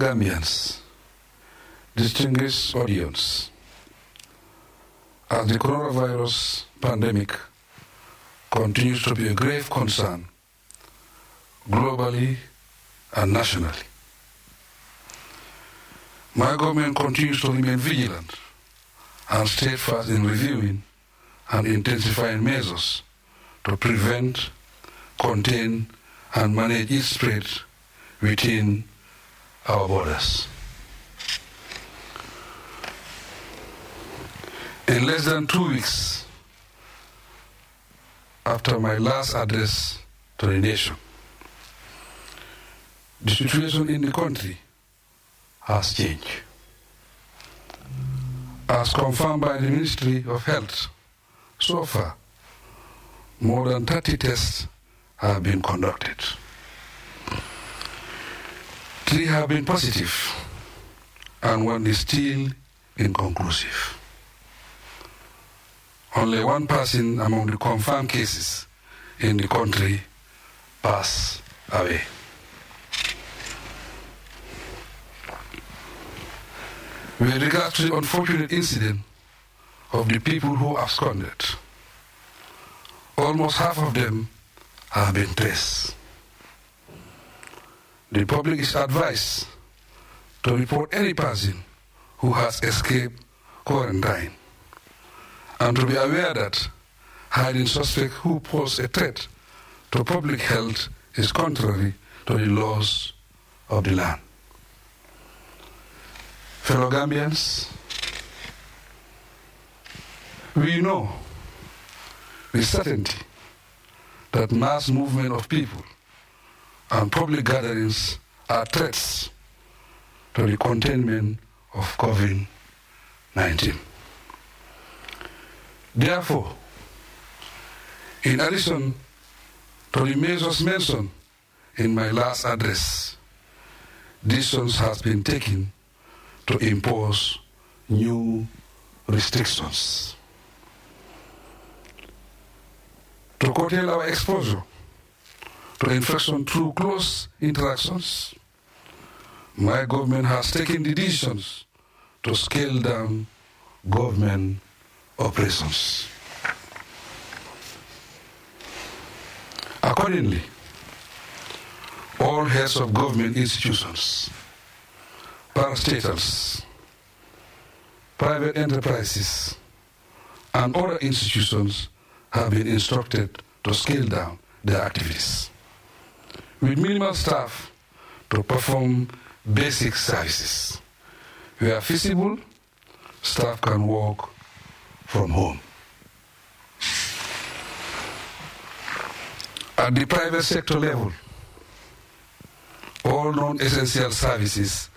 Gambians, distinguished audience, as the coronavirus pandemic continues to be a grave concern globally and nationally, my government continues to remain vigilant and steadfast in reviewing and intensifying measures to prevent, contain, and manage its spread within our borders. In less than two weeks after my last address to the nation, the situation in the country has changed. As confirmed by the Ministry of Health, so far, more than 30 tests have been conducted three have been positive, and one is still inconclusive. Only one person among the confirmed cases in the country passed away. With regard to the unfortunate incident of the people who absconded, almost half of them have been traced the public is advised to report any person who has escaped quarantine and to be aware that hiding suspects who pose a threat to public health is contrary to the laws of the land. Fellow Gambians, we know with certainty that mass movement of people and public gatherings are threats to the containment of COVID 19. Therefore, in addition to the measures mentioned in my last address, decisions has been taken to impose new restrictions. To curtail our exposure infection through close interactions. My government has taken decisions to scale down government operations. Accordingly, all heads of government institutions, parastatals, private enterprises, and other institutions have been instructed to scale down their activities with minimal staff to perform basic services. Where feasible, staff can work from home. At the private sector level, all non-essential services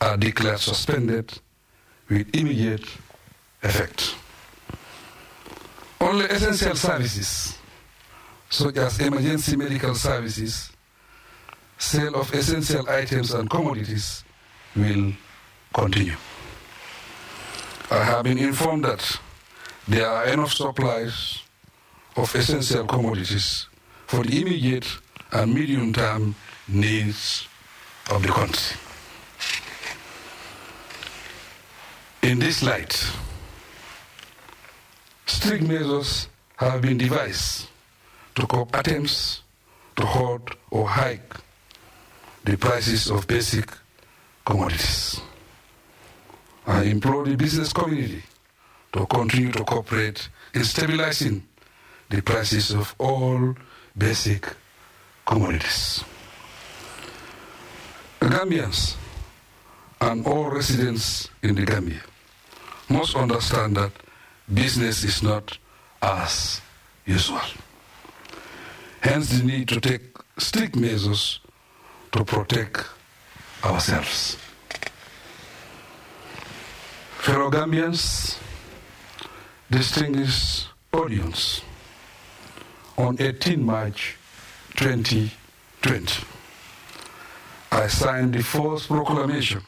are declared suspended with immediate effect. Only essential services, such as emergency medical services, sale of essential items and commodities will continue. I have been informed that there are enough supplies of essential commodities for the immediate and medium term needs of the country. In this light, strict measures have been devised to cope attempts to hoard or hike the prices of basic commodities. I implore the business community to continue to cooperate in stabilizing the prices of all basic commodities. Gambians and all residents in the Gambia must understand that business is not as usual. Hence, the need to take strict measures to protect ourselves. Fellow Gambians, distinguished audience, on 18 March 2020, I signed the fourth proclamation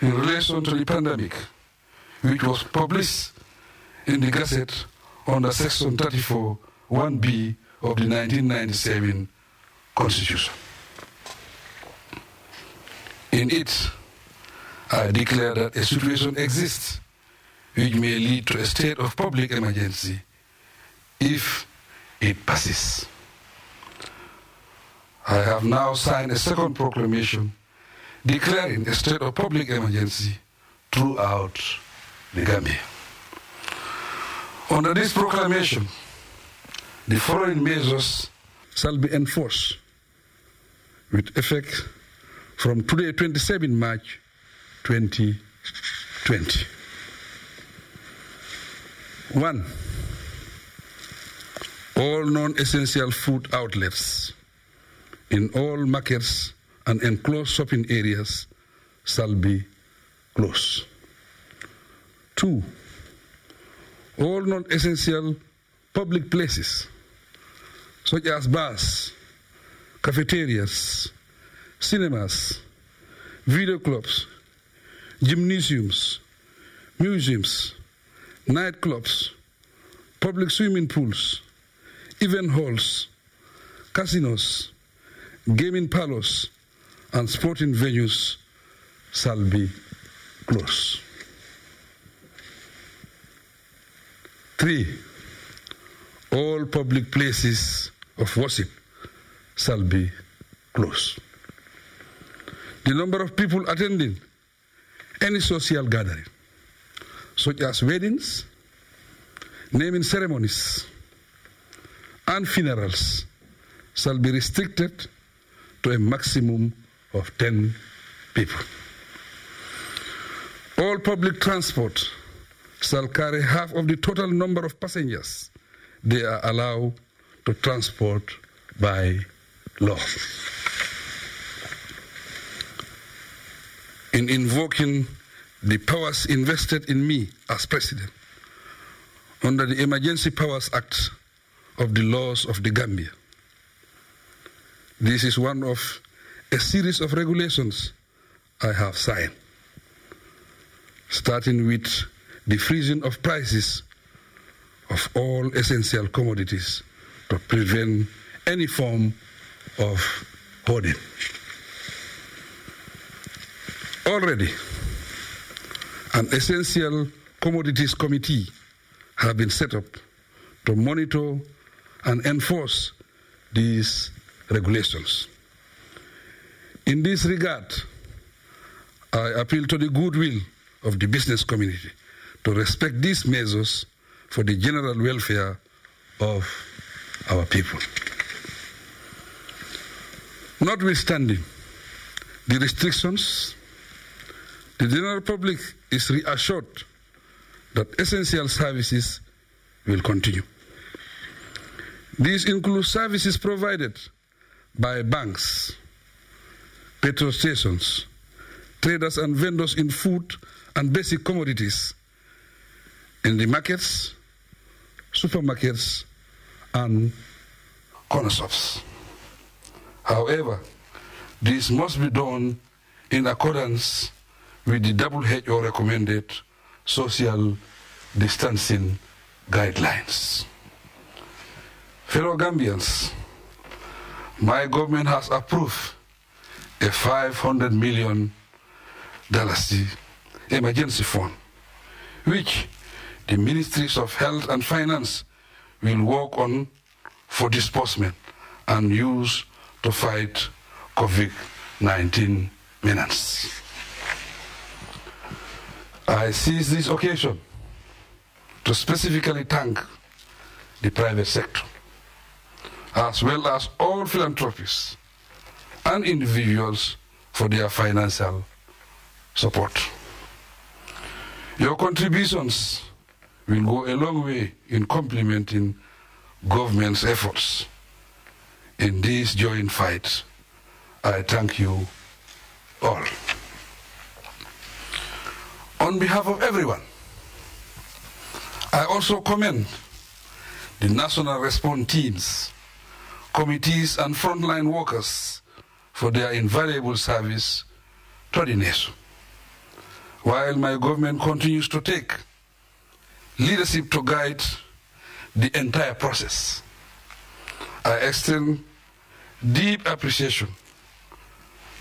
in relation to the pandemic, which was published in the Gazette under Section 34, 1B of the 1997 Constitution. In it, I declare that a situation exists which may lead to a state of public emergency if it passes. I have now signed a second proclamation declaring a state of public emergency throughout the Gambia. Under this proclamation, the following measures shall be enforced with effect from today, 27 March 2020. One, all non essential food outlets in all markets and enclosed shopping areas shall be closed. Two, all non essential public places such as bars, cafeterias, cinemas, video clubs, gymnasiums, museums, nightclubs, public swimming pools, event halls, casinos, gaming parlors, and sporting venues shall be closed. Three, all public places of worship shall be closed the number of people attending any social gathering, such as weddings, naming ceremonies, and funerals, shall be restricted to a maximum of 10 people. All public transport shall carry half of the total number of passengers they are allowed to transport by law. in invoking the powers invested in me as president under the Emergency Powers Act of the laws of the Gambia. This is one of a series of regulations I have signed, starting with the freezing of prices of all essential commodities to prevent any form of hoarding. Already, an essential commodities committee have been set up to monitor and enforce these regulations. In this regard, I appeal to the goodwill of the business community to respect these measures for the general welfare of our people. Notwithstanding the restrictions the general public is reassured that essential services will continue. These include services provided by banks, petrol stations, traders and vendors in food and basic commodities, in the markets, supermarkets, and corner shops. However, this must be done in accordance with the double WHO recommended social distancing guidelines. Fellow Gambians, my government has approved a 500 million dollars emergency fund, which the ministries of health and finance will work on for disbursement and use to fight COVID-19 menace. I seize this occasion to specifically thank the private sector, as well as all philanthropists and individuals for their financial support. Your contributions will go a long way in complementing government's efforts in this joint fight. I thank you all on behalf of everyone. I also commend the national response teams, committees, and frontline workers for their invaluable service to the nation. While my government continues to take leadership to guide the entire process, I extend deep appreciation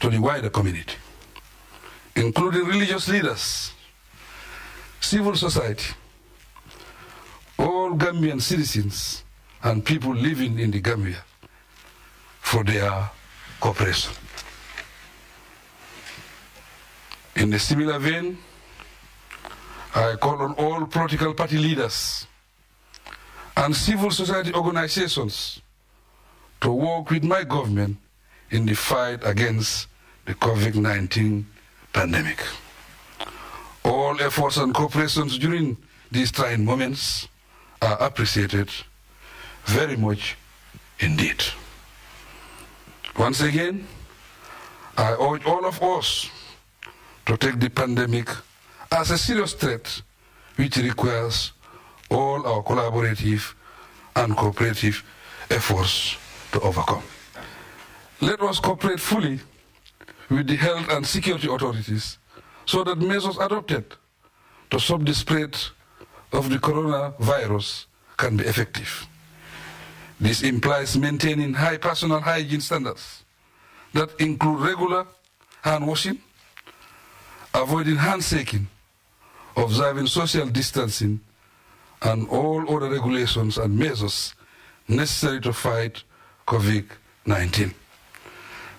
to the wider community, including religious leaders civil society, all Gambian citizens and people living in the Gambia for their cooperation. In a similar vein, I call on all political party leaders and civil society organizations to work with my government in the fight against the COVID-19 pandemic. All efforts and cooperations during these trying moments are appreciated very much indeed. Once again, I urge all of us to take the pandemic as a serious threat which requires all our collaborative and cooperative efforts to overcome. Let us cooperate fully with the health and security authorities so that measures adopted to stop the spread of the coronavirus can be effective. This implies maintaining high personal hygiene standards that include regular hand washing, avoiding handshaking, observing social distancing, and all other regulations and measures necessary to fight COVID-19.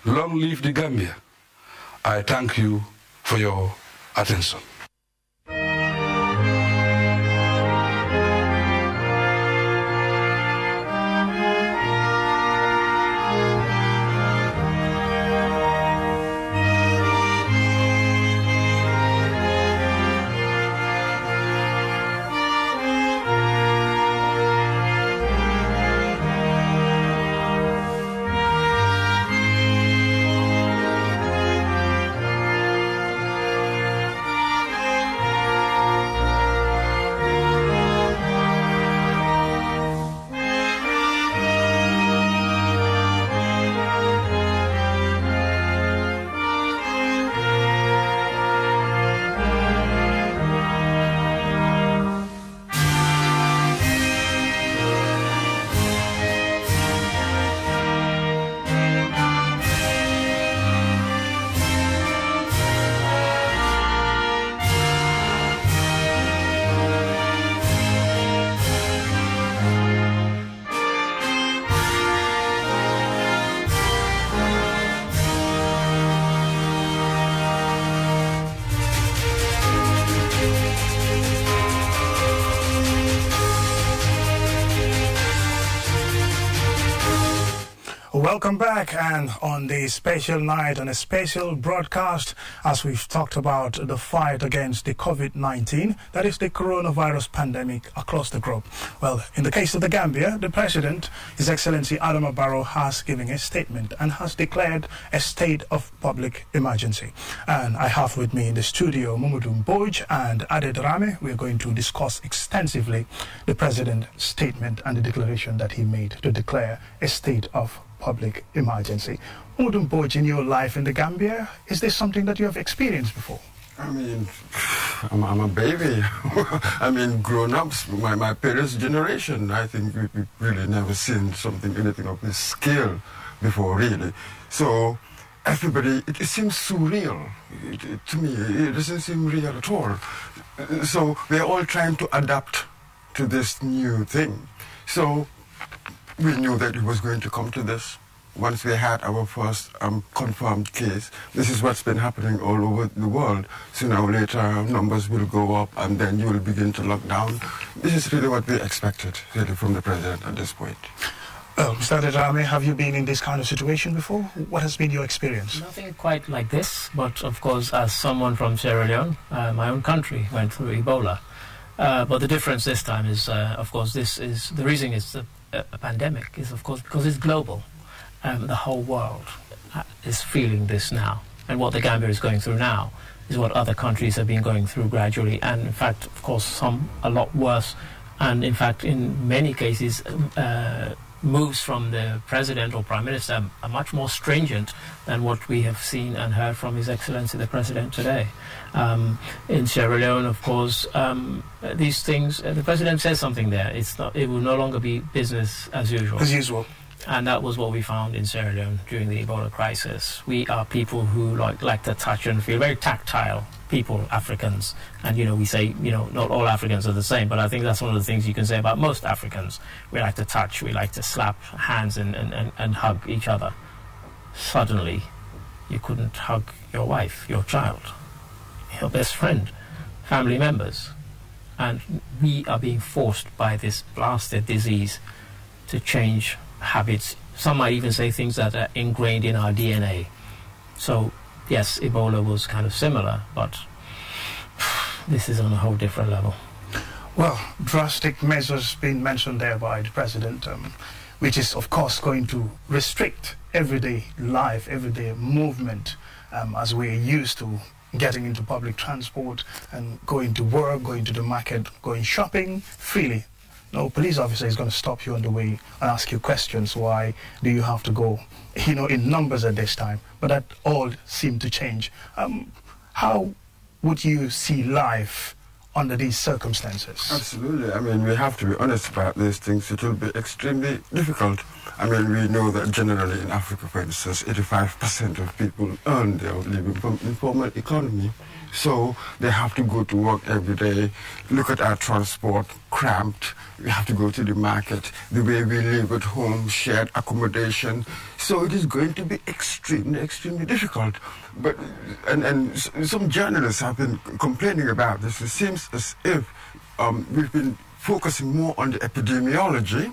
Long live the Gambia. I thank you for your attention. back and on the special night and a special broadcast as we've talked about the fight against the COVID-19, that is the coronavirus pandemic across the globe. Well, in the case of the Gambia, the President, His Excellency Adama Barrow, has given a statement and has declared a state of public emergency. And I have with me in the studio Mumudum Boj and Adedrame. Rame. We're going to discuss extensively the President's statement and the declaration that he made to declare a state of public emergency. Odun Boji, in your life in the Gambia, is this something that you have experienced before? I mean, I'm, I'm a baby. I mean, grown-ups, my, my parents' generation, I think we, have really never seen something, anything of this scale before, really. So everybody, it, it seems surreal it, it, to me. It doesn't seem real at all. So we're all trying to adapt to this new thing. So we knew that it was going to come to this. Once we had our first um, confirmed case, this is what's been happening all over the world. Sooner or later, um, numbers will go up and then you will begin to lock down. This is really what we expected, really, from the president at this point. Um, Mr. Rame, have you been in this kind of situation before? What has been your experience? Nothing quite like this, but of course, as someone from Sierra Leone, uh, my own country went through Ebola. Uh, but the difference this time is, uh, of course, this is the reason is that a pandemic is, of course, because it's global. Um, the whole world uh, is feeling this now. And what the Gambia is going through now is what other countries have been going through gradually. And in fact, of course, some a lot worse. And in fact, in many cases, um, uh, moves from the president or prime minister are much more stringent than what we have seen and heard from His Excellency the President today. Um, in Sierra Leone, of course, um, these things, uh, the president says something there. It's not, it will no longer be business as usual. As usual. And that was what we found in Sierra Leone during the Ebola crisis. We are people who like, like to touch and feel very tactile people, Africans. And, you know, we say, you know, not all Africans are the same, but I think that's one of the things you can say about most Africans. We like to touch, we like to slap hands and, and, and, and hug each other. Suddenly, you couldn't hug your wife, your child, your best friend, family members. And we are being forced by this blasted disease to change habits. Some might even say things that are ingrained in our DNA. So yes, Ebola was kind of similar, but this is on a whole different level. Well, drastic measures being mentioned there by the president, um, which is of course going to restrict everyday life, everyday movement, um, as we're used to getting into public transport and going to work, going to the market, going shopping freely. No police officer is going to stop you on the way and ask you questions. Why do you have to go? You know, in numbers at this time. But that all seemed to change. Um, how would you see life under these circumstances? Absolutely. I mean, we have to be honest about these things. It will be extremely difficult. I mean, we know that generally in Africa, for instance, 85% of people earn their living from informal economy. So they have to go to work every day. Look at our transport, cramped. We have to go to the market. The way we live at home, shared accommodation. So it is going to be extremely, extremely difficult. But and and some journalists have been complaining about this. It seems as if um, we've been focusing more on the epidemiology,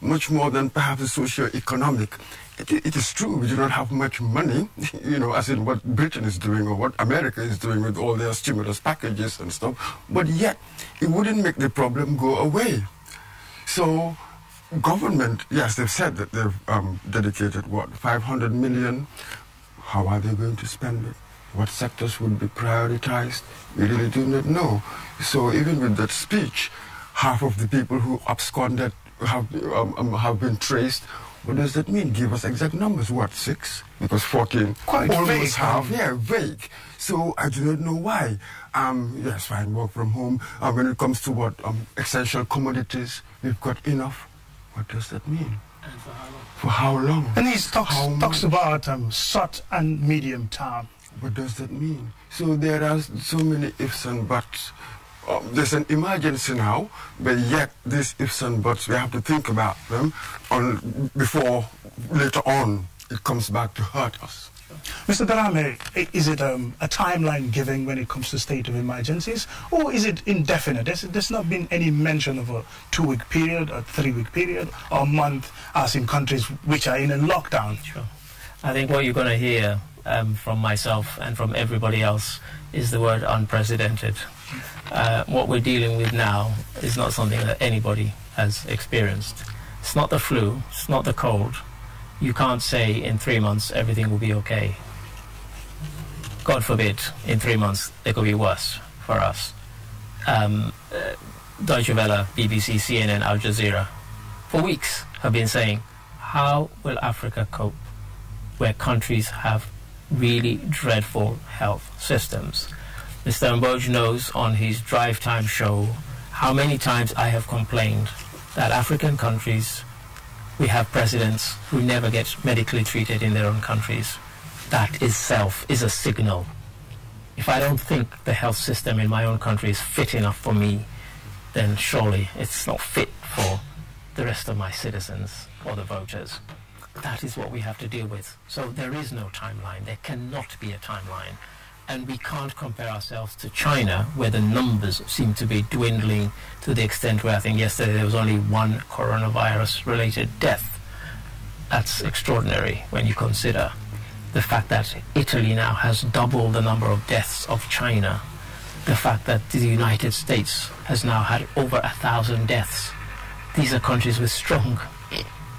much more than perhaps the socio-economic. It, it is true, we do not have much money, you know, as in what Britain is doing or what America is doing with all their stimulus packages and stuff, but yet it wouldn't make the problem go away. So government, yes, they've said that they've um, dedicated, what, 500 million? How are they going to spend it? What sectors would be prioritized? We really do not know. So even with that speech, half of the people who absconded have, um, um, have been traced. What does that mean? Give us exact numbers. What, six? Because 14. Quite almost half. Yeah, vague. So I do not know why. Um, yes, fine, work from home. Uh, when it comes to what um, essential commodities, we've got enough. What does that mean? And for how long? For how long? And he talks, how talks about um, short and medium term. What does that mean? So there are so many ifs and buts. Oh, there's an emergency now, but yet these ifs and buts, we have to think about them on, before later on it comes back to hurt us. Mr. Darame, is it um, a timeline given when it comes to state of emergencies, or is it indefinite? There's, there's not been any mention of a two-week period, a three-week period, or a month, as in countries which are in a lockdown. Sure. I think what you're going to hear um, from myself and from everybody else is the word unprecedented. Uh, what we're dealing with now is not something that anybody has experienced. It's not the flu, it's not the cold. You can't say in three months everything will be okay. God forbid, in three months it could be worse for us. Um, uh, Deutsche Welle, BBC, CNN, Al Jazeera, for weeks have been saying, how will Africa cope where countries have really dreadful health systems? Mr. Amboge knows on his drive time show how many times I have complained that African countries, we have presidents who never get medically treated in their own countries. That itself is a signal. If I don't think the health system in my own country is fit enough for me, then surely it's not fit for the rest of my citizens or the voters. That is what we have to deal with. So there is no timeline. There cannot be a timeline and we can't compare ourselves to China, where the numbers seem to be dwindling to the extent where I think yesterday there was only one coronavirus related death. That's extraordinary when you consider the fact that Italy now has double the number of deaths of China, the fact that the United States has now had over a thousand deaths. These are countries with strong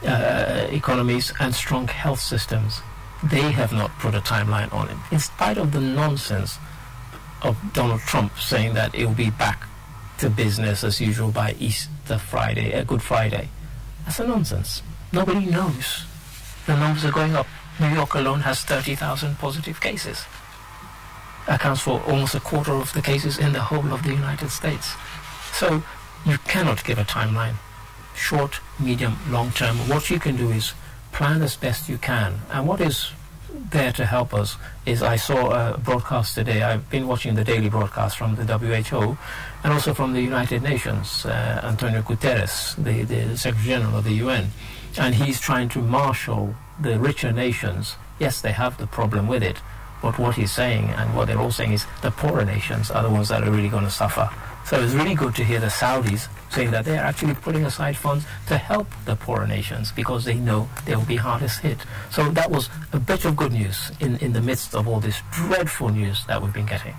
uh, economies and strong health systems they have not put a timeline on it, in spite of the nonsense of Donald Trump saying that it will be back to business as usual by Easter Friday, a Good Friday. That's a nonsense. Nobody knows. The numbers are going up. New York alone has 30,000 positive cases. Accounts for almost a quarter of the cases in the whole of the United States. So you cannot give a timeline. Short, medium, long term. What you can do is plan as best you can. And what is there to help us is I saw a broadcast today. I've been watching the daily broadcast from the WHO and also from the United Nations, uh, Antonio Guterres, the, the Secretary General of the UN. And he's trying to marshal the richer nations. Yes, they have the problem with it, but what he's saying and what they're all saying is the poorer nations are the ones that are really going to suffer so it's really good to hear the Saudis saying that they're actually putting aside funds to help the poorer nations because they know they'll be hardest hit. So that was a bit of good news in, in the midst of all this dreadful news that we've been getting.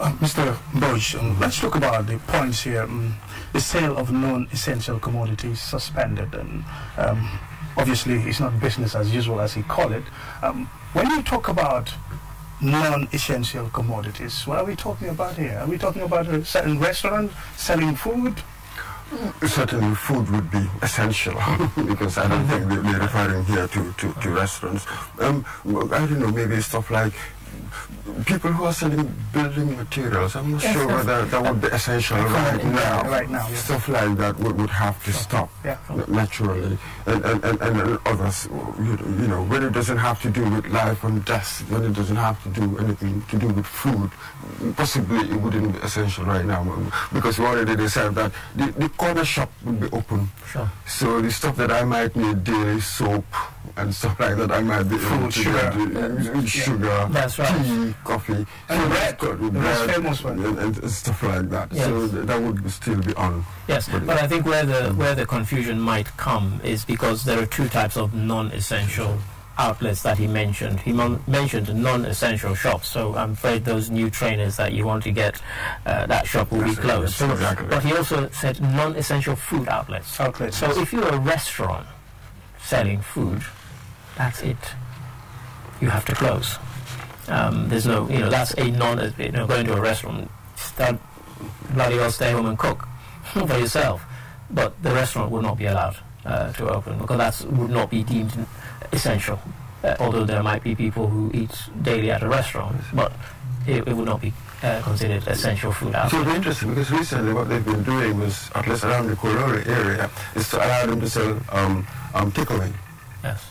Uh, Mr. Bosch, um, let's talk about the points here. Um, the sale of non-essential commodities suspended, and um, obviously it's not business as usual as he called it. Um, when you talk about non-essential commodities. What are we talking about here? Are we talking about a certain restaurant selling food? Certainly food would be essential because I don't think we're referring here to, to, to restaurants. Um, I don't know, maybe stuff like people who are selling building materials, I'm not yes, sure yes. whether that would be essential right now. Right now, yes. Stuff like that would, would have to stop, yeah. naturally. And, and, and, and others, you know, when it doesn't have to do with life and death, when it doesn't have to do anything to do with food, possibly it wouldn't be essential right now. Because already they said that the, the corner shop would be open. Sure. So the stuff that I might need, daily soap and stuff like that, I might be able to sugar. get sugar. That's right. Tea, coffee, and bread, the bread, famous one, and, and, stuff like that. Yes. So that would still be on. Yes, but, but I think where the mm. where the confusion might come is because there are two types of non-essential outlets that he mentioned. He mentioned non-essential shops, so I'm afraid those new trainers that you want to get, uh, that shop will That's be closed. exactly. But he also said non-essential food outlets. Outlets. So yes. if you're a restaurant selling food, that's it. You have to close. Um, there's no, you know, that's a non, you know, going to a restaurant. That bloody well stay home and cook for yourself. But the restaurant will not be allowed uh, to open because that would not be deemed essential. Uh, although there might be people who eat daily at a restaurant, but it, it would not be uh, considered essential food. It would be interesting because recently what they've been doing was, at least around the Korore area, is to allow them to sell um, um, Yes.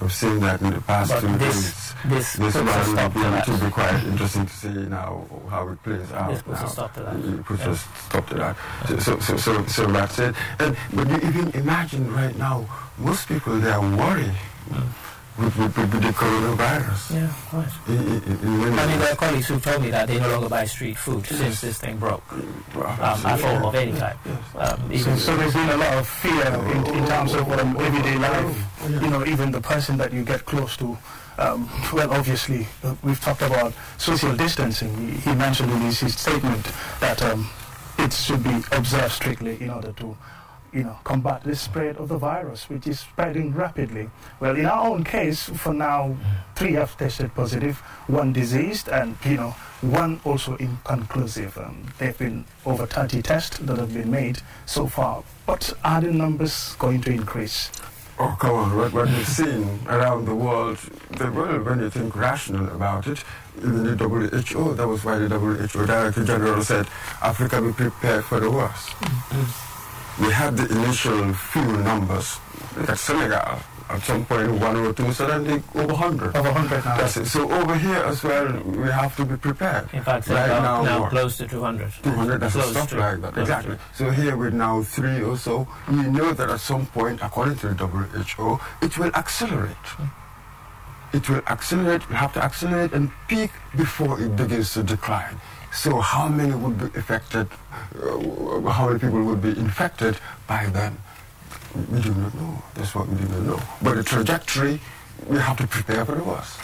I've seen that in the past but two this, days this, this puts a stop to that. will be quite interesting to see now how it plays out. This puts now. a stop to that. It puts yeah. a stop to that. Yeah. So, so, so, so that's it. And, but you even imagine right now, most people, they are worried. Hmm. With, with, with, the coronavirus. Yeah, right. I, I mean, there are colleagues who told me that they no longer buy street food yes. since this thing broke, I um, at yeah. of any type. Yes. Um, so, so, there's been a lot of fear in, in terms of um, everyday life. Oh, you know, even the person that you get close to um, well, obviously, uh, we've talked about social distancing. He, he mentioned in his, his statement that um, it should be observed strictly in order to you know, combat the spread of the virus, which is spreading rapidly. Well, in our own case, for now, three have tested positive, one diseased, and you know, one also inconclusive. Um, there have been over 30 tests that have been made so far. But are the numbers going to increase? oh, come on, what, what we've seen around the world, the world, when you think rational about it, even the WHO, that was why the WHO Director General said, Africa be prepared for the worst. Mm -hmm. We had the initial few numbers, look at Senegal, at some point one or two, suddenly over 100. Over 100 now. That's it. So over here as well, we have to be prepared. In fact, right now, now close to 200. 200, that's close stuff to, like that. Exactly. To. So here we're now three or so. We know that at some point, according to the WHO, it will accelerate. It will accelerate, we have to accelerate and peak before it begins to decline. So how many would be affected, uh, how many people would be infected by then? we do not know. That's what we do not know. But the trajectory, we have to prepare for the worst.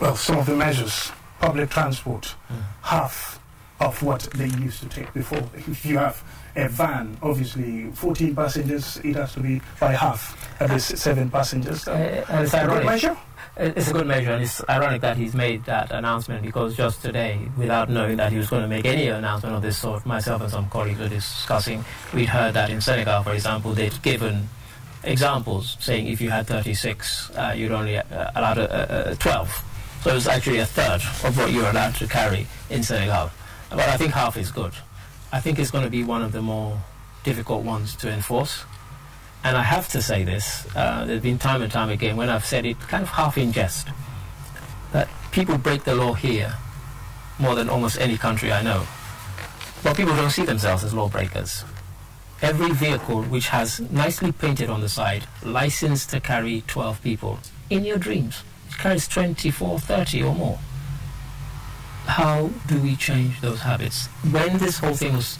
Well, some of the measures, public transport, yeah. Hmm. half of what they used to take before. If you have a van, obviously 14 passengers, it has to be by half, at least seven passengers. Uh, uh, that measure? it's a good measure, and it's ironic that he's made that announcement because just today, without knowing that he was going to make any announcement of this sort, myself and some colleagues were discussing. We'd heard that in Senegal, for example, they'd given examples saying if you had 36, uh, you'd only uh, allowed 12. So it was actually a third of what you're allowed to carry in Senegal. But I think half is good. I think it's going to be one of the more difficult ones to enforce and I have to say this, uh, there's been time and time again when I've said it kind of half in jest, that people break the law here more than almost any country I know. But people don't see themselves as lawbreakers. Every vehicle which has nicely painted on the side, licensed to carry 12 people, in your dreams, it carries 24, 30 or more. How do we change those habits? When this whole thing was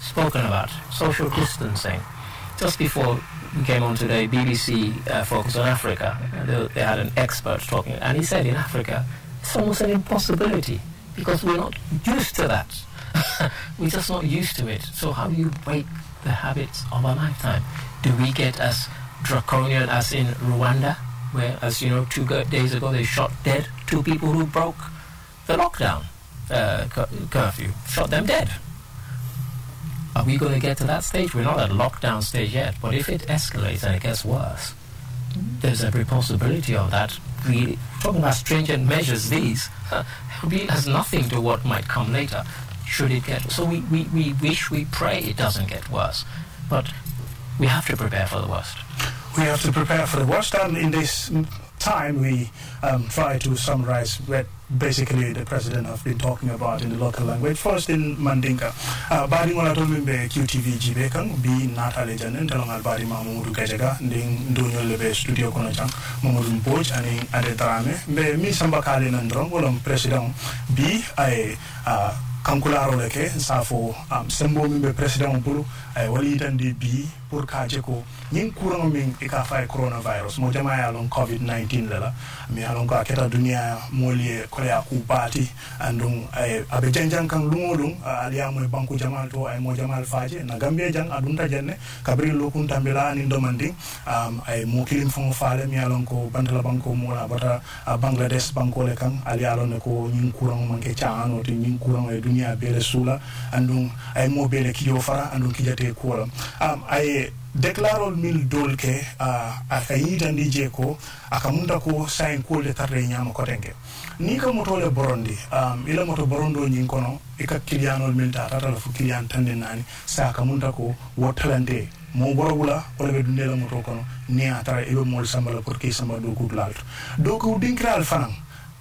spoken about, social distancing, just before we came on today, BBC uh, focused on Africa. Uh, they, they, had an expert talking, and he said in Africa, it's almost an impossibility because we're not used to that. we're just not used to it. So how do you break the habits of a lifetime? Do we get as draconian as in Rwanda, where, as you know, two days ago they shot dead two people who broke the lockdown uh, curfew, shot them dead. Are we going to get to that stage? We're not at lockdown stage yet, but if it escalates and it gets worse, there's every possibility of that. We talking about stringent measures, these uh, has nothing to what might come later. Should it get so? We, we, we wish, we pray it doesn't get worse, but we have to prepare for the worst. We have to prepare for the worst, and in this time, we um, try to summarize what basically the president have been talking about in the local language. First in Mandinka, uh, bari ngola to mbe QTV jibe kan bi natale janen talongal bari ma mamudu gajaga nding dunyo lebe studio kono jang mamudu mboj ani ade tarame mbe mi samba kale nan drong wolom president bi ay uh, kankulaaro leke safo um, sembo mbe president bulu ay wali tan di bi pour ka jeko ñing courant min e ka fay coronavirus mo jama ya lon covid 19 lela mi ya lon ko aketa dunia mo liye ko ya ku bati andum ay eh, abe janjan kan lumolum eh, aliya mo banku jamal to ay eh, mo jamal faje na gambia jang adun ta jenne kabri lokun tambela ni domandi um, ay mo kilim fon faale mi ya lon ko bandala banko mo la bata bangladesh banko le kan aliya lon ko ñing courant man ke chaano te ñing courant e dunia bele sula andum ay mo bele kiyo fara andum kijate ko um, ay declarol mil dol ke uh, aka yitandi jee ko aka ko sayin kuwolde tarde ñaama kotenke ni ka motole borondi um, ila moto borondo ñin kono i ka kiliyanol min ta tatala fo kiliyan tande nani sa ka ko wo talante mo borobula wala ɓe dunde la moto kono ni a tara iɓe mool sambala pour i samba dokuut lalto dokuut dinkiral fanan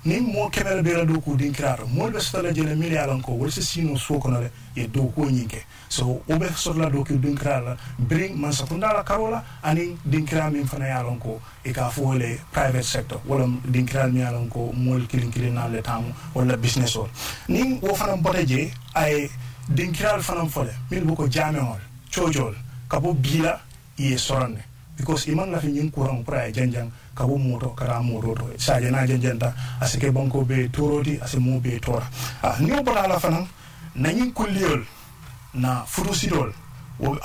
nin mo kemere bera do ko din kiraro mo be sotala jele mili alan ko wol se sino so kono le ye do ko nyinke so o be sotala do ko din kirala bring man sakunda la karola ani din kira min fana yalan ko e ka fo le private sector wala din kira mi yalan ko mol kilin kilin na le tamu wala business or nin wo fana boteje ay din kiral fana fole min bu ko jamehol chojol kabo bila ye soronne because iman la fi nyin kurang pra janjang kabu muto kara muro to saje na jenta asike banko be torodi asimu be tora ah ni bona la fanan nanyin kulliyol na futusidol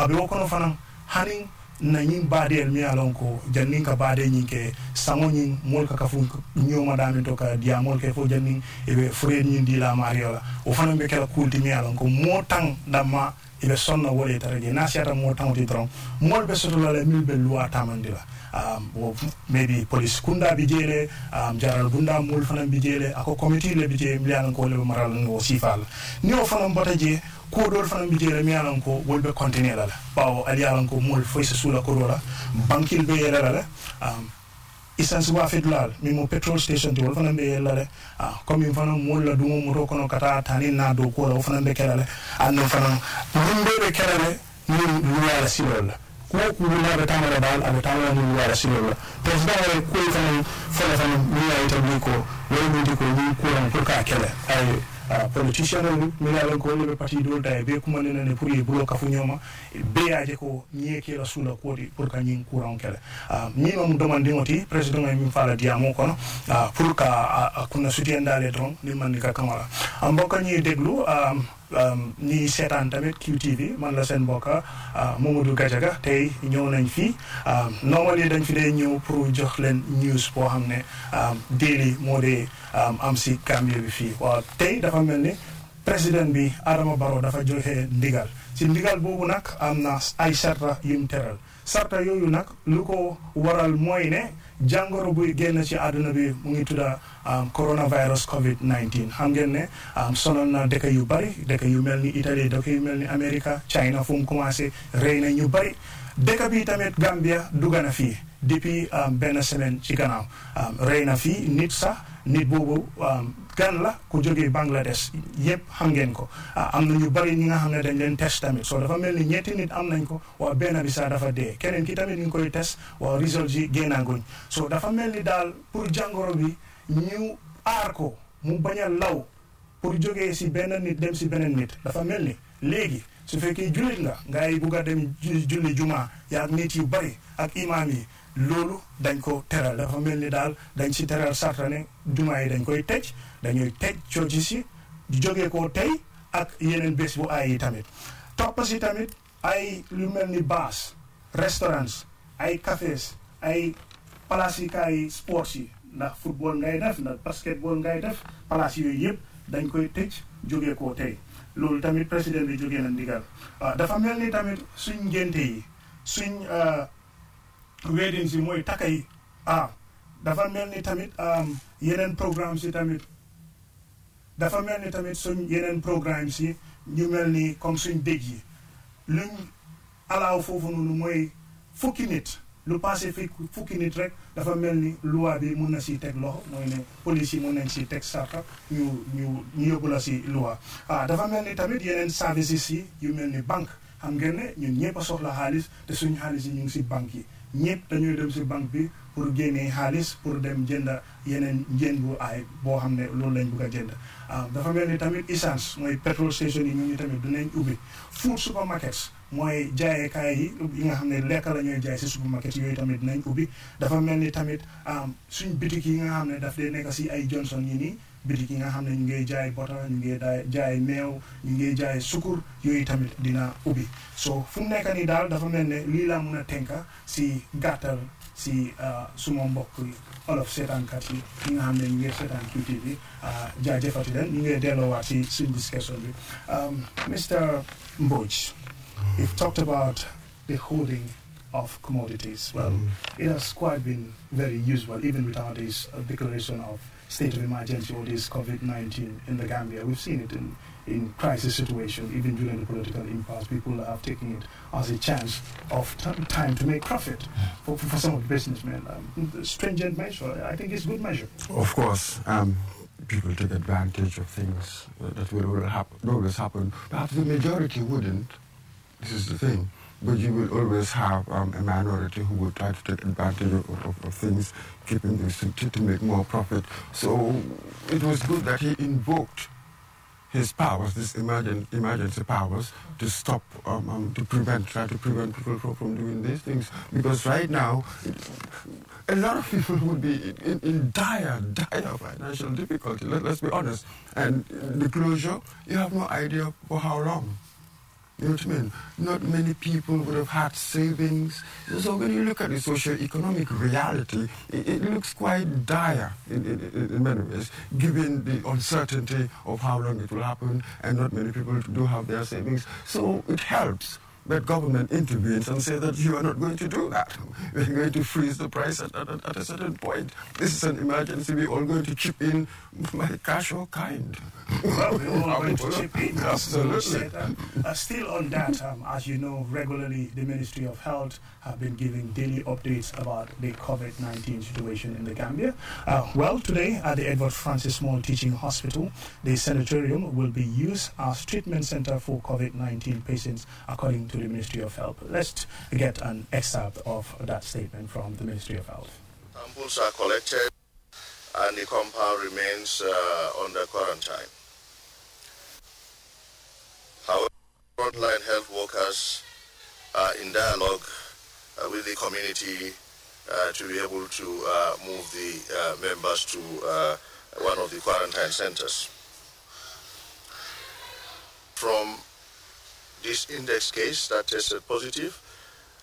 abe kono fana hanin na ñing baden mi alon ko jannin ka baden ñing ke sango ñing mol ka kafu ñoma dami to ka dia mol ke fo jannin e be fure ñin di la la o fana be kala kulti mi alon ko mo tang dama e be sonna wole tare je na siata mo tang ti tron mol be soto la mil be luwa tamandi la um, maybe police kunda bi jele um, jaral bunda mol fana bi jele ako committee le bi je mi alon ko le maral no sifal ni o fana mbota je koɗol fana jeere mi yaalan ko wolɓe contenaire ala ɓawo aɗa yaalan ko mool foy so suula koɗola bankil ɓe yelalala um, essence wa fedulal min mo petrol station ti wol fana ɓe yellale uh, comme min fana molla dumo moto kono kata tani na dow kola o fana ɓe kelale annon fana ɗum ɓe ɓe kelale min luyala la ko kuɗuna ɓe tamara dal aɓe tamara min luyala silolla président wala koye fana fole fana luyayita ɗi ko wala ɗumti ko ɗum kuran pour ka kele ay Uh, politician on mina lon ko be parti dol da be kuma ne ne pour bulo ka fu nyoma be aje ko nye suula la sula ko ah, di pour ka nyin courant kala uh, ni mom demande ngoti president mi fala diamo kono uh, ah, pour ka a ah, kunna dale dron ni man ni ka kamara am um, deglu Um, ñiy seetaan tamit QTV man la seen mbokka uh, Mamadou Gadiaga tey ñëw nañ fii um, normally dañ fi dee ñëw pour jox leen news boo xam ne um, daily moo dee am si Gambie bi fii tey dafa mel ni président bi Adama Barrow dafa joxe ndigal ci ndigal boobu nag am na ay sarta yu mu teral sarta yooyu nag lu ko waral mooy ne jàngoro buy génn ci àdduna bi mu ngi tudda um, coronavirus covid 19 xam ngeen ne um, sonal na dëkk yu bari dëkk yu mel ni Italie dëkk yu mel ni Amérique China fu mu commencé rey na ñu bari dëkk bi tamit Gambia dugg na fii depuis um, benn semaine ci gannaaw rey na fii nit sax nit boobu gan la ku jógee Bangladesh yëpp xam ngeen ko ah am na ñu bari ñi nga xam ne dañ leen test tamit so dafa mel ni ñetti nit am nañ ko waa benn bi sax dafa dee keneen ki tamit ñu ngi koy test waa result yi génnaaguñ so dafa mel ni daal pour jàngoro bi ñu aar ko mu bañ a law pour jógee si benn nit dem si beneen nit dafa mel ni léegi su fekkee jullit nga ngay bugg a dem julli jumaa yaag nit yu bari ak imaam yi loolu dañ ko teral dafa mel ni daal dañ si teral sarta ne jumaa yi dañ koy tëj dañuy tëj cooci si jóge ko tey ak yeneen bés bu ay yi tamit topp si tamit ay lu mel ni bars restaurants ay cafés ay palaas yi kaay sports yi ndax football ngay def ndax basketball ngay def palaas yooyu yëpp dañ koy tëj jóge ko tey loolu tamit président bi jóge na ndigal ah, dafa mel ni tamit suñ ngénte yi suñ ah, wedding si mooy takka yi ah dafa mel ni tamit um, yeneen programme yi tamit dafa mel ni tamit suñ yeneen programme si ñu mel ni comme suñ dëj yi luñ alaaw foofu noonu mooy fukki nit lu passé fi fukki nit rek dafa mel ni loi bi mun na si teg loxo mooy ne police yi mun nañ si teg sarta ñu ñu ñu yóbbu la si loi ah dafa mel ni tamit yeneen services yi yu mel ni banque xam ngeen ne ñun ñëpp a soxla xaalis te suñu xaalis yi ñu ngi si banque yi ñëpp dañuy dem si banque bi pour génnee xaalis pour dem jënda yeneen njën bu aay boo xam ne loolu lañ bëgg jënd jënd ah, dafa mel ni tamit essence mooy petrol station yi ñu tamit dinañ ubbi food supermarkets mooy jaayekaay yi yi nga xam ne lekk la ñuy jaay si supermarket yooyu tamit dinañ ubbi dafa mel ni tamit ah, suñ bitik yi nga xam ne daf dee nekk si ay Johnson yi nii nga xam ne ñu jaay bota ñu jaay meew ñu jaay sukur yooyu tamit dina ubbi so fu mu nekk nii daal dafa mel ne lii laa mun a tenka si gàttal si ah, suma mbokk olof seetaankat yi ñi nga xam ne ñu seetaan bi ah, jaajëfati leen ñu delloowaat si suñ discussion bi Mr. Um, Mbodj mm-hmm. you've talked about the holding of commodities well mm-hmm. it has quite been very useful even without this uh, declaration of state of emergency or this COVID-19 in the Gambia. We've seen it in, in crisis situation, even during the political impasse. People have taken it as a chance of time to make profit for, for some of the businessmen. Um, stringent measure, I think it's good measure. Of course. Um, people take advantage of things that will always happen. Perhaps the majority wouldn't. This is the thing but you will always have um, a minority who will try to take advantage of, of, of things, keeping the city to make more profit. So it was good that he invoked his powers, these emergency powers, to stop, um, um, to prevent, try to prevent people from, from, doing these things. Because right now, a lot of people would be in, in dire, dire financial difficulty, let, us be honest. And the closure, you have no idea for how long. You know what I mean? Not many people would have had savings. So when you look at the socio-economic reality, it, it, looks quite dire in, in, in, many ways, given the uncertainty of how long it will happen, and not many people do have their savings. So it helps that government intervenes and say that you are not going to do that. We're going to freeze the price at, at, at a certain point. This is an emergency. We're all going to chip in by cash or kind. Well, we're all going to chip in. Absolutely. uh, still on that, um, as you know, regularly the Ministry of Health have been giving daily updates about the COVID-19 situation in the Gambia. Uh, well, today at the Edward Francis Small Teaching Hospital, the sanatorium will be used as treatment center for COVID-19 patients, according to to the Ministry of Health. Let's get an excerpt of that statement from the Ministry of Health. Samples are collected and the compound remains uh, under quarantine. However, frontline health workers are in dialogue uh, with the community uh, to be able to uh, move the uh, members to uh, one of the quarantine centers. From this index case that tested positive,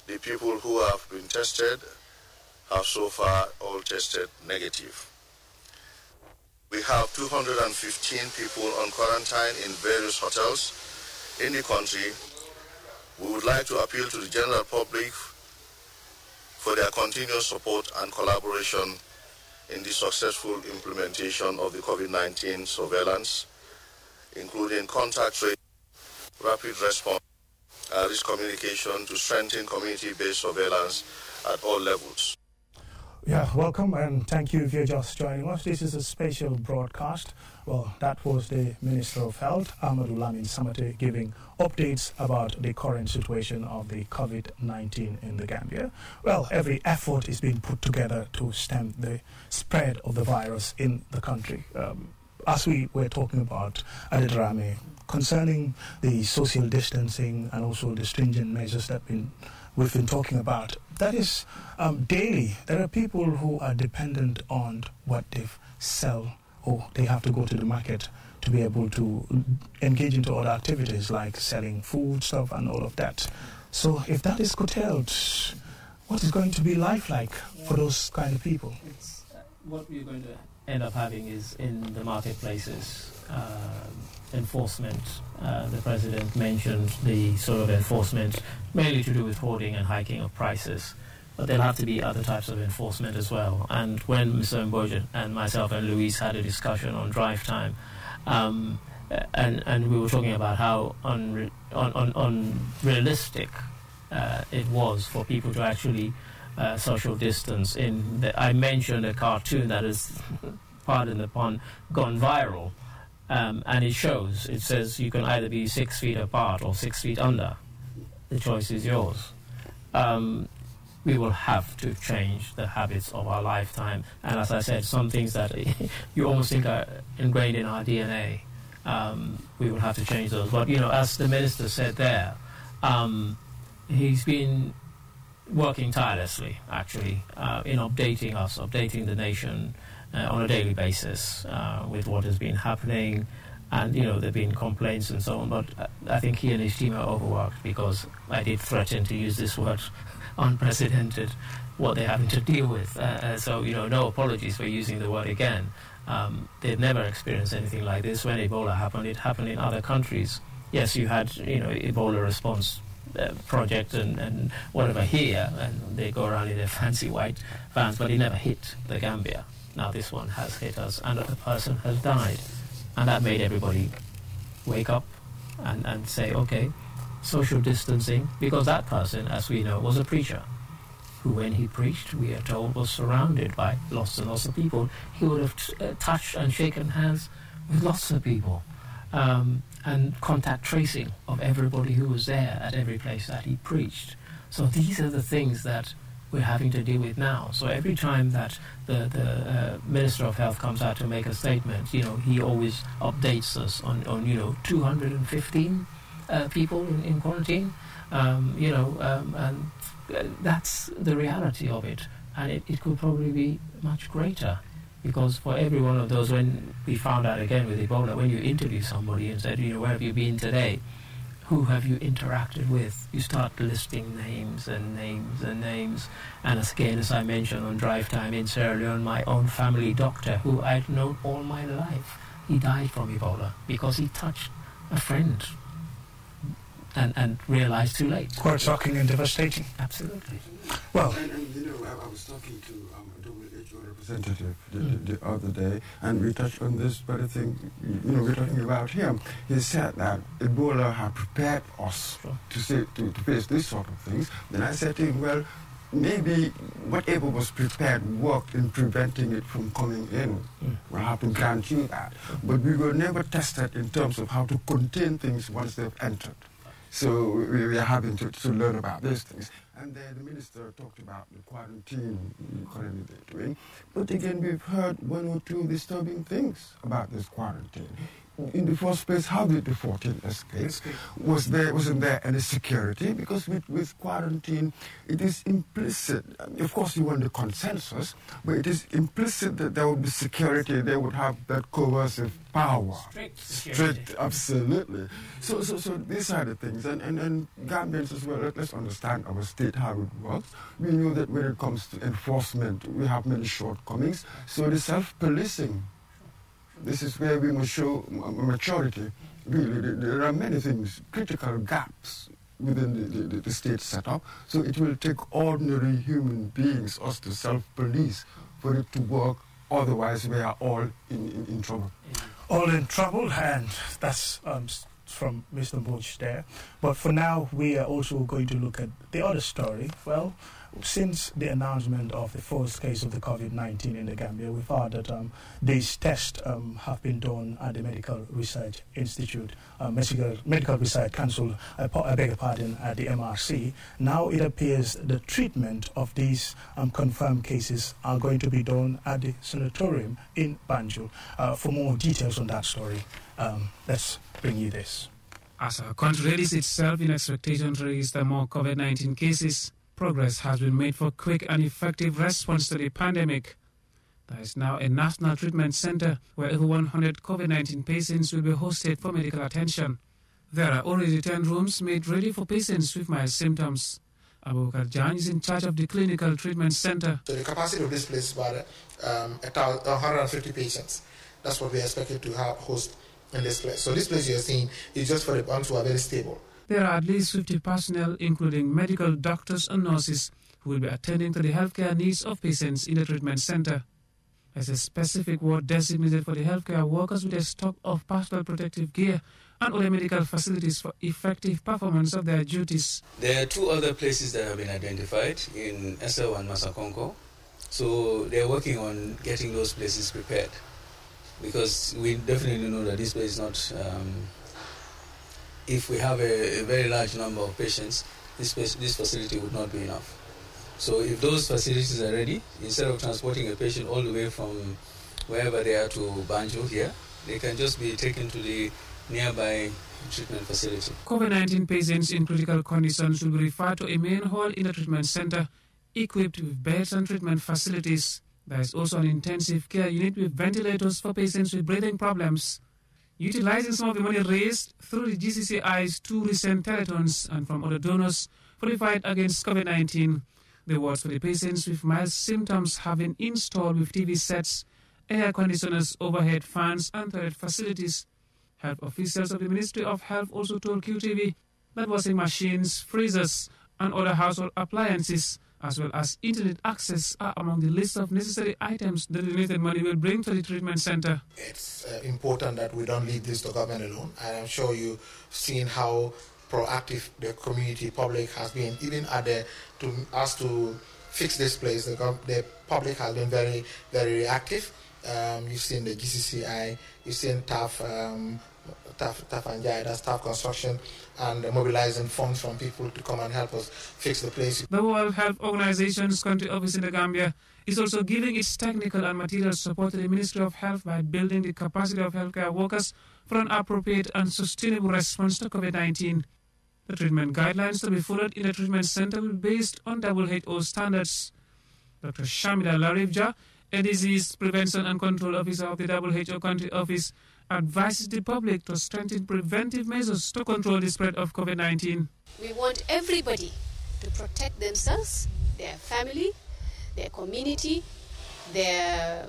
the people who have been tested have so far all tested negative. We have 215 people on quarantine in various hotels in the country. We would like to appeal to the general public for their continuous support and collaboration in the successful implementation of the COVID-19 surveillance, including contact tracing rapid response, uh, risk communication to strengthen community-based surveillance at all levels. Yeah, welcome and thank you if you're just joining us. This is a special broadcast. Well, that was the Minister of Health, Amadou Lamin Samate, giving updates about the current situation of the COVID 19 in the Gambia. Well, every effort is being put together to stem the spread of the virus in the country. Um, as we were talking about at Adedrame, concerning the social distancing and also the stringent measures that we've been talking about, that is um, daily. There are people who are dependent on what they sell or they have to go to the market to be able to engage into other activities like selling food stuff and all of that. So if that is curtailed, what is going to be life like for those kind of people? It's, uh, what we're going to end up having is in the marketplaces um, enforcement. Uh, the president mentioned the sort of enforcement mainly to do with hoarding and hiking of prices. But there'll have to be other types of enforcement as well. And when Mr. Mboja and myself and Louise had a discussion on drive time, um, and, and we were talking about how unre- un- un- unrealistic uh, it was for people to actually uh, social distance. In the, I mentioned a cartoon that has, pardon the pun, gone viral, um, and it shows. It says you can either be six feet apart or six feet under. The choice is yours. Um, we will have to change the habits of our lifetime. And as I said, some things that you almost think are ingrained in our DNA, um, we will have to change those. But, you know, as the minister said there, um, he's been working tirelessly, actually, uh, in updating us, updating the nation uh, on a daily basis uh, with what has been happening. And, you know, there have been complaints and so on, but uh, I think he and his team are overworked because I did threaten to use this word unprecedented, what they're having to deal with. Uh, uh, so, you know, no apologies for using the word again. Um, they've never experienced anything like this. When Ebola happened, it happened in other countries. Yes, you had, you know, Ebola response uh, project and, and whatever here, and they go around in their fancy white vans, but it never hit the Gambia. Now this one has hit us, and a person has died, and that made everybody wake up and, and say, okay, social distancing, because that person, as we know, was a preacher who, when he preached, we are told, was surrounded by lots and lots of people. He would have uh, touched and shaken hands with lots of people. Um, and contact tracing of everybody who was there at every place that he preached. So these are the things that we're having to deal with now. So every time that the, the uh, Minister of Health comes out to make a statement, you know, he always updates us on, on you know, 215 uh, people in, in quarantine, um, you know, um, and uh, that's the reality of it. And it, it could probably be much greater. Because for every one of those, when we found out again with Ebola, when you interview somebody and said, you know, where have you been today? Who have you interacted with? You start listing names and names and names. And as again, as I mentioned on drive time in Sierra Leone, my own family doctor, who I'd known all my life, he died from Ebola because he touched a friend and, and realised too late. Quite shocking and devastating. Absolutely. Well, and, and, you know, I, I was talking to um, individual representative the, the, the, other day, and we touched on this very thing, you know, we're talking about him. He said that Ebola had prepared us to, say, to, to face these sort of things. Then I said to him, well, maybe whatever was prepared worked in preventing it from coming in. We'll have to grant you that. But we were never tested in terms of how to contain things once they've entered. So we are having to, to learn about these things. And the, the minister talked about the quarantine economy they're doing. But again, we've heard one or two disturbing things about this quarantine in the first place, how did the 14 escape? Was there wasn't there any security? Because with, with quarantine, it is implicit. Of course, you want the consensus, but it is implicit that there would be security. They would have that coercive power. Strict, Strict absolutely. So, so, so these are the things, and and, and Gambians as well. Let, us understand our state how it works. We know that when it comes to enforcement, we have many shortcomings. So the self-policing this is where we must show maturity. Really, there are many things, critical gaps within the, the, the state setup. So it will take ordinary human beings, us to self-police, for it to work. Otherwise, we are all in, in, in trouble. All in trouble, and that's um, from Mr. Bush there. But for now, we are also going to look at the other story. Well, since the announcement of the first case of the COVID-19 in the Gambia, we found that um, these tests um, have been done at the Medical Research Institute, uh, Medical, Medical Research Council, I, I, beg your pardon, at the MRC. Now it appears the treatment of these um, confirmed cases are going to be done at the sanatorium in Banjul. Uh, for more details on that story, um, let's bring you this. As our country raises itself in expectation to the more COVID 19 cases, progress has been made for quick and effective response to the pandemic. There is now a national treatment center where over 100 COVID 19 patients will be hosted for medical attention. There are already 10 rooms made ready for patients with mild symptoms. Abubakar Jan is in charge of the clinical treatment center. So the capacity of this place is about um, 150 patients. That's what we are expected to have, host in this place. So this place you're seeing is just for the ones who are very stable. There are at least 50 personnel, including medical doctors and nurses, who will be attending to the healthcare needs of patients in the treatment center. As a specific ward designated for the healthcare workers with a stock of personal protective gear and other medical facilities for effective performance of their duties. There are two other places that have been identified in SL and Masakonko. So they're working on getting those places prepared because we definitely know that this place is not um, if we have a, a very large number of patients, this, this facility would not be enough. So if those facilities are ready, instead of transporting a patient all the way from wherever they are to Banjo here, they can just be taken to the nearby treatment facility. COVID-19 patients in critical condition should be referred to a main hall in the treatment center equipped with beds and treatment facilities. There is also an intensive care unit with ventilators for patients with breathing problems utilizing some of the money raised through the GCCI's two recent telethons and from other donors for the fight against COVID 19. The wards for the patients with mild symptoms have been installed with TV sets, air conditioners, overhead fans, and toilet facilities. Health officials of the Ministry of Health also told QTV that washing machines, freezers, and other household appliances as well as internet access are among the list of necessary items the donated money will bring to the treatment center. It's uh, important that we don't leave this to government alone. And I'm sure you've seen how proactive the community public has been, even at the, to us to fix this place. The, the public has been very, very reactive. Um, you've seen the GCCI, you've seen TAF, um, TAF, TAF and Jai, that's TAF Construction and mobilizing funds from people to come and help us fix the place. The World Health Organization's country office in the Gambia is also giving its technical and material support to the Ministry of Health by building the capacity of healthcare workers for an appropriate and sustainable response to COVID 19. The treatment guidelines to be followed in the treatment center will be based on WHO standards. Dr. Shamida Larivja, a disease prevention and control officer of the WHO country office, advises the public to strengthen preventive measures to control the spread of COVID 19. We want everybody to protect themselves, their family, their community, their,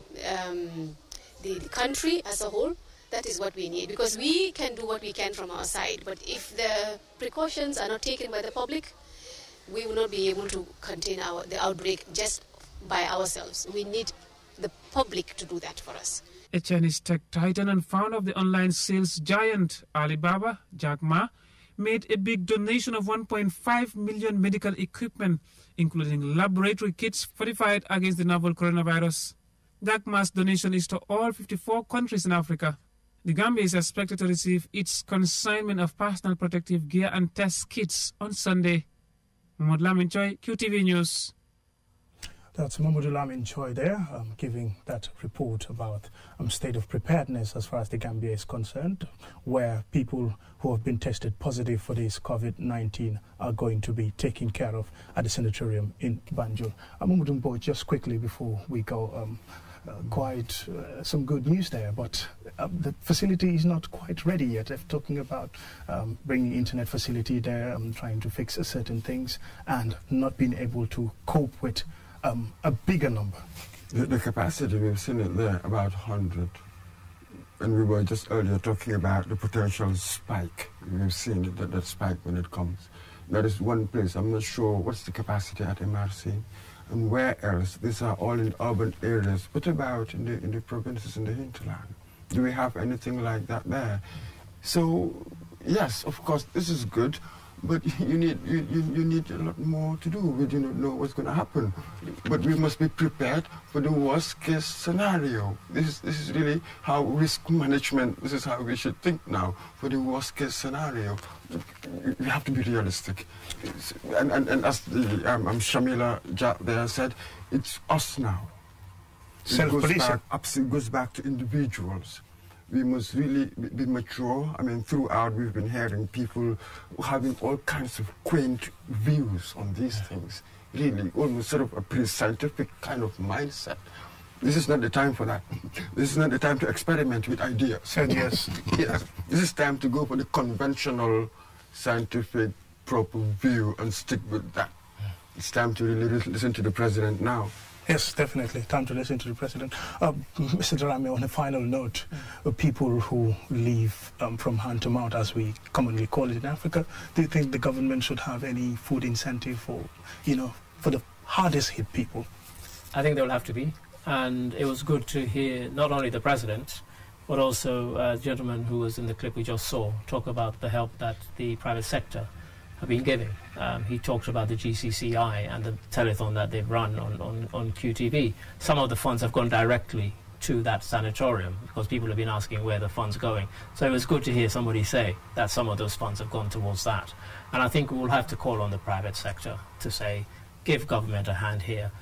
um, the, the country as a whole. That is what we need because we can do what we can from our side. But if the precautions are not taken by the public, we will not be able to contain our, the outbreak just by ourselves. We need the public to do that for us a Chinese tech titan and founder of the online sales giant Alibaba, Jack Ma, made a big donation of 1.5 million medical equipment, including laboratory kits fortified against the novel coronavirus. Jack Ma's donation is to all 54 countries in Africa. The Gambia is expected to receive its consignment of personal protective gear and test kits on Sunday. Mohamed Lamin QTV News. That's Mamudulam Inchoy there, um, giving that report about um, state of preparedness as far as the Gambia is concerned, where people who have been tested positive for this COVID-19 are going to be taken care of at the sanatorium in Banjul. Uh, Mamudulam, just quickly before we go, um, uh, quite uh, some good news there, but um, the facility is not quite ready yet. They're talking about um, bringing internet facility there, um, trying to fix certain things, and not being able to cope with um, a bigger number? The, the capacity, we've seen it there, about 100 and we were just earlier talking about the potential spike. We've seen it, that, that spike when it comes. That is one place. I'm not sure what's the capacity at MRC and where else. These are all in urban areas. What about in the, in the provinces in the hinterland? Do we have anything like that there? So, yes, of course, this is good. But you need you, you need a lot more to do. We do not know what's going to happen. But we must be prepared for the worst case scenario. This is, this is really how risk management. This is how we should think now for the worst case scenario. We have to be realistic. And and, and as the, um, um, Shamila there said, it's us now. It goes, back, it goes back to individuals we must really be mature. I mean, throughout we've been hearing people having all kinds of quaint views on these things, really, almost sort of a pre-scientific kind of mindset. This is not the time for that. This is not the time to experiment with ideas. Ideas. yes. This is time to go for the conventional scientific proper view and stick with that. It's time to really listen to the president now. Yes, definitely. Time to listen to the president. Uh, Mr. Darame, on a final note, mm. Uh, people who leave um, from hand to mouth, as we commonly call it in Africa, do you think the government should have any food incentive for, you know, for the hardest hit people? I think there will have to be. And it was good to hear not only the president, but also a gentleman who was in the clip we just saw talk about the help that the private sector have been giving. Um, he talks about the GCCI and the telethon that they've run on, on, on QTV. Some of the funds have gone directly to that sanatorium because people have been asking where the funds going. So it was good to hear somebody say that some of those funds have gone towards that. And I think we'll have to call on the private sector to say, give government a hand here.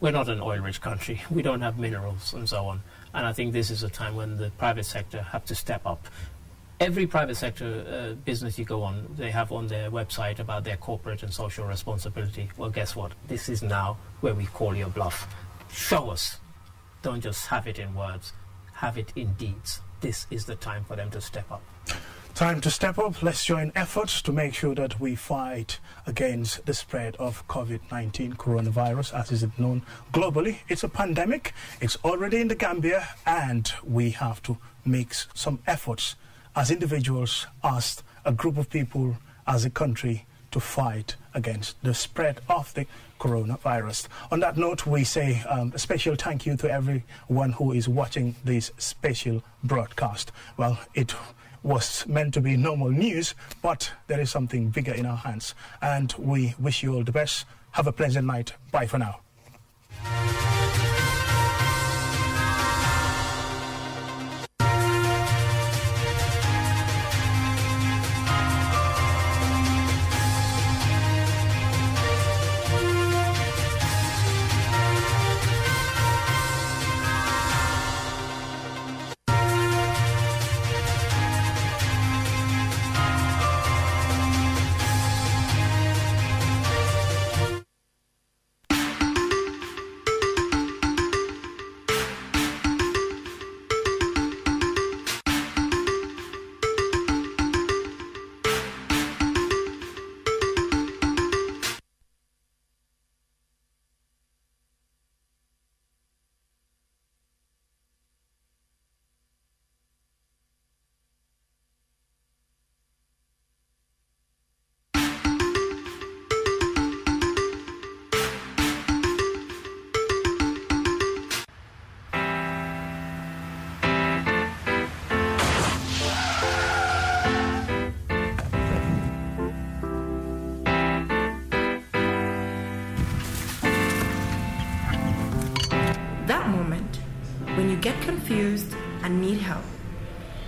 We're not an oil-rich country. We don't have minerals and so on. And I think this is a time when the private sector have to step up every private sector uh, business you go on, they have on their website about their corporate and social responsibility. Well, guess what? This is now where we call your bluff. Show us. Don't just have it in words, have it in deeds. This is the time for them to step up. Time to step up. Let's join efforts to make sure that we fight against the spread of COVID 19 coronavirus, as is known globally. It's a pandemic, it's already in the Gambia, and we have to make some efforts as individuals, as a group of people, as a country, to fight against the spread of the coronavirus. On that note, we say um, a special thank you to everyone who is watching this special broadcast. Well, it was meant to be normal news, but there is something bigger in our hands. And we wish you all the best. Have a pleasant night. Bye for now.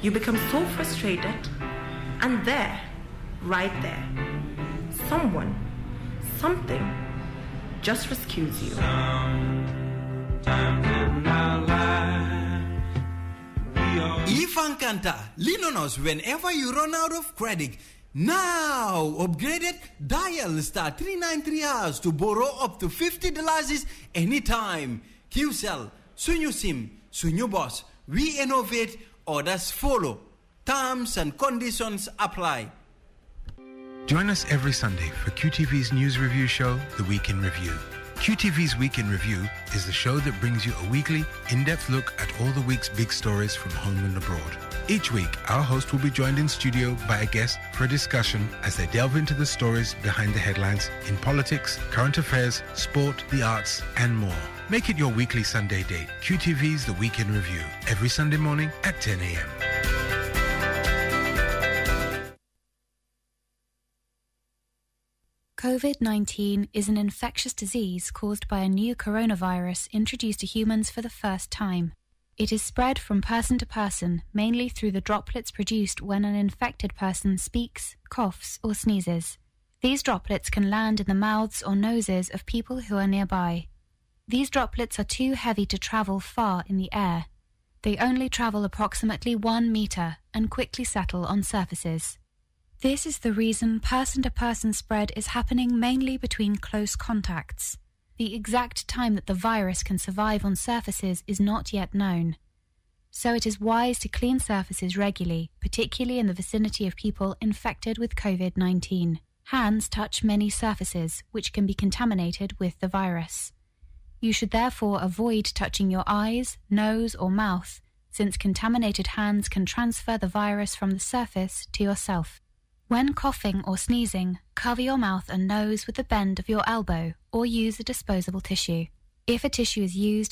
You become so frustrated, and there, right there, someone, something just rescues you. Ifankanta, Encanta, lean on us whenever you run out of credit. Now, upgraded, dial star 393 hours to borrow up to $50 anytime. QCell, Sunyu Sim, Sunyu Boss, we innovate orders follow. Terms and conditions apply. Join us every Sunday for QTV's news review show, The Week in Review. QTV's Week in Review is the show that brings you a weekly, in depth look at all the week's big stories from home and abroad. Each week, our host will be joined in studio by a guest for a discussion as they delve into the stories behind the headlines in politics, current affairs, sport, the arts, and more. Make it your weekly Sunday date. QTV's The Weekend Review, every Sunday morning at 10 a.m. COVID 19 is an infectious disease caused by a new coronavirus introduced to humans for the first time. It is spread from person to person, mainly through the droplets produced when an infected person speaks, coughs, or sneezes. These droplets can land in the mouths or noses of people who are nearby. These droplets are too heavy to travel far in the air. They only travel approximately one meter and quickly settle on surfaces. This is the reason person to person spread is happening mainly between close contacts. The exact time that the virus can survive on surfaces is not yet known. So it is wise to clean surfaces regularly, particularly in the vicinity of people infected with COVID 19. Hands touch many surfaces, which can be contaminated with the virus. You should therefore avoid touching your eyes, nose, or mouth, since contaminated hands can transfer the virus from the surface to yourself. When coughing or sneezing, cover your mouth and nose with the bend of your elbow or use a disposable tissue. If a tissue is used,